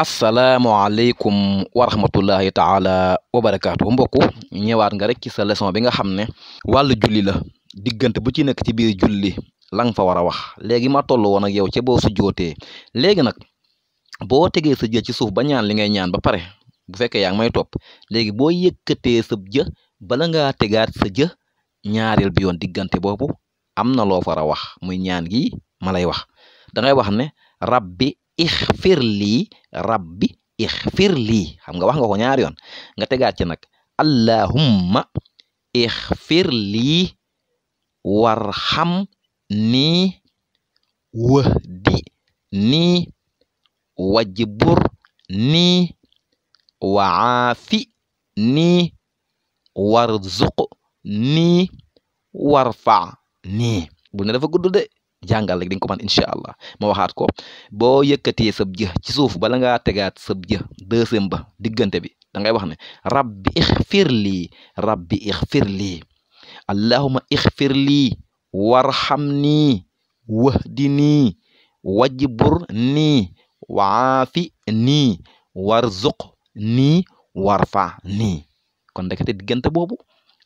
Assalamualaikum wa rahmatullahi taala wa barakaatu mbokk ñëwaat nga rek ci sa leçon bi nga xamne walu julli la diggante bu ci nekk ci biir julli la nga fa wara wax léegi ma tollu yang ak yow bo su sujjootee léegi nak bo tegee sa jël ci suuf ba ñaan li ngay ñaan ba paré bu fekkee ya ngay may topp bo yëkëté sa jë la nga tégaat sa jë ñaarël bi yon digënté bobu amna lo fa wara wax muy ñaan gi malay wax da ngay wax ne rabbi ikhfirli rabbi ikhfirli, xam nga wax nga ko ñaar yoon nga tegaat ci nak allahumma ikhfirli warham ni wahdi ni wajbur ni waafi ni warzuq ni warfa ni bu ne dafa gudd jangal rek ding ko man inshallah allah ya waxat ko bo yekati sab jeh ci suuf bala nga tegat sab jeh deuxième ba bi da ngay wax ne rabbi ighfirli rabbi ighfirli allahumma allahuma warhamni, wahdini wajburni, waafini warzuqni warfani. wajbur nii warfa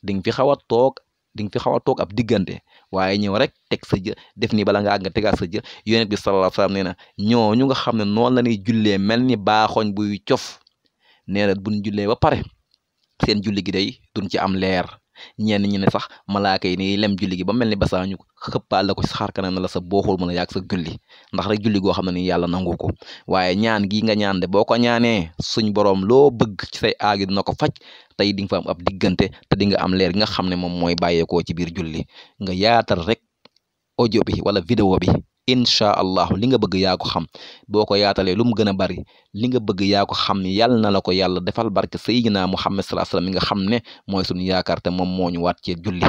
kon fi xawa tok di nga fi xaw a toog ab diggante waaye ñëw rek teg sa jë def ni bala nga àgg nga tegaat sa jë yonent bi sallallahu alayhi wasallam nee na ñooñu nga xam ne noonu la ñuy jullee mel ni baaxoñ buy cof nee na buñ jullee ba pare seen julli gi day duñ ci am leer ñenn ñi ne sax malaaka yi ni lem julli gi ba mel ni basaa ñu xëppaal la ko si xar kanam na la sa booxul mën a yàgg sa julli ndax rek julli goo xam ne ni yàlla nangu ko waaye ñaan gii nga ñaan de boo ko ñaanee suñ boroom loo bëgg ci say aagi dina ko faj tey di fa am ab diggante te di nga am leer gi nga xam ne moom mooy bàyyeekoo ci biir julli nga yaatal rek audio bi wala vidéo bi incha allahu li nga bëgg yaa ko xam boo ko yaatalee lu mu gën a bari li nga bëgg yaa ko xam yàlla na la ko yàlla defal barke sayyidina Muhammad sallallahu alayhi wasallam mi nga xam ne mooy suñu yaakaar moom moo ñu waat ci julli